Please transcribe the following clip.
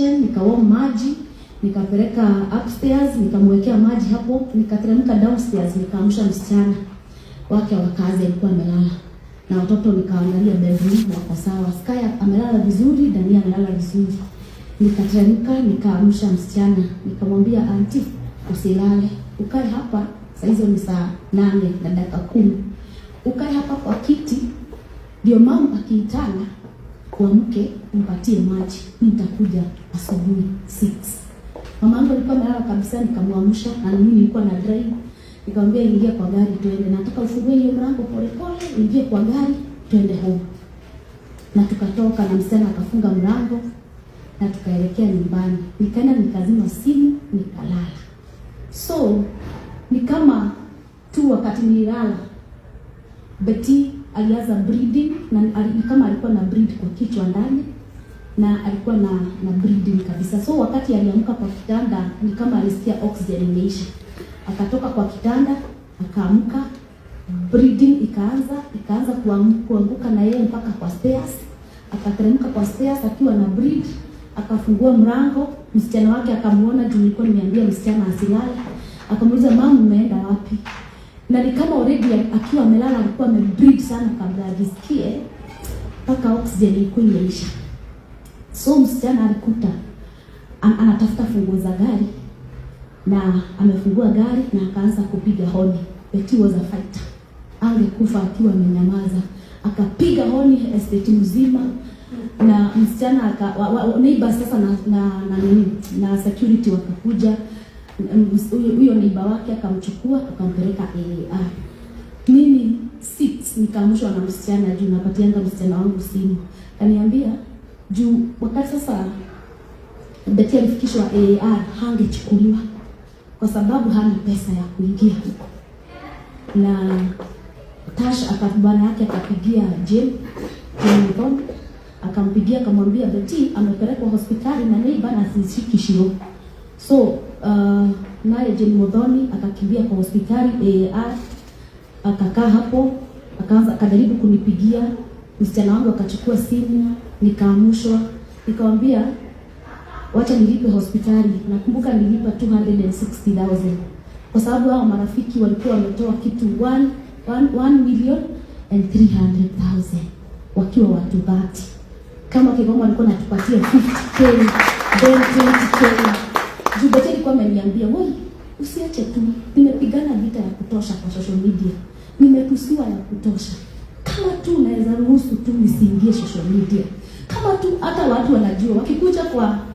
nikaoa maji nikapeleka upstairs nikamwekea maji hapo, nikateremka downstairs nikaamsha msichana wake wa kazi, alikuwa amelala na watoto, nikaangalia bedroom wako sawa, sky amelala vizuri, Dania amelala vizuri. Nikateremka nikaamsha msichana, nikamwambia anti, usilale ukae hapa saa hizo ni saa nane na dakika kumi ukae hapa kwa kiti, ndio mama akiitana mke mpatie maji, nitakuja asubuhi 6. Mama yangu alikuwa amelala kabisa, nikamwamsha na mimi nilikuwa na drive. Nikamwambia ingia kwa gari tuende, nataka ufungue hiyo mlango polepole, ingie kwa gari tuende home. Na tukatoka na msichana akafunga mlango na tukaelekea nyumbani. Nikaenda nikazima simu nikalala. So ni kama tu wakati nilala Beti alianza breeding na ali, kama alikuwa na breed kwa kichwa ndani na alikuwa na na breeding kabisa. So wakati aliamka kwa kitanda ni kama alisikia oxygen imeisha, akatoka kwa kitanda akaamka, breeding ikaanza ikaanza kuanguka na yeye mpaka kwa stairs, akateremka kwa stairs akiwa na breed, akafungua mlango, msichana wake akamwona juu nilikuwa nimeambia msichana asilale, akamuuliza mama, umeenda wapi? na ni kama already akiwa amelala alikuwa amebreed sana kabla ajisikie mpaka oxygen ilikuwa imeisha. So msichana alikuta anatafuta funguo za gari na amefungua gari na akaanza kupiga honi. Betty was a fighter, angekufa akiwa amenyamaza. Akapiga honi estate mzima na msichana aka, wa, wa, neighbor sasa na na, na, na, na security wakakuja huyo neiba wake akamchukua akampeleka aa ah, Mimi six nikaamshwa na msichana juu napatianga msichana wangu simu, kaniambia juu wakati sasa Beti alifikishwa AAR ah, hangechukuliwa kwa sababu hana pesa ya kuingia huko, na Tash akabana yake akapigia Jim Jim akampigia akamwambia Beti amepelekwa hospitali na neiba na sishiki so uh, naye jeni modhoni akakimbia kwa hospitali AAR, akakaa hapo, akaanza akajaribu kunipigia msichana wangu akachukua simu, nikaamushwa, nikamwambia wacha nilipe hospitali. Nakumbuka nilipa 260,000 kwa sababu hao marafiki walikuwa wametoa kitu 1 1 million and 300,000 wakiwa watu bati kama Kigoma walikuwa natupatia 50k then 20k juu wameniambia wewe, usiache tu, nimepigana vita ya kutosha kwa social media, nimetusiwa ya kutosha. Kama tu unaweza ruhusu tu nisiingie social media, kama tu hata watu wanajua wakikuja kwa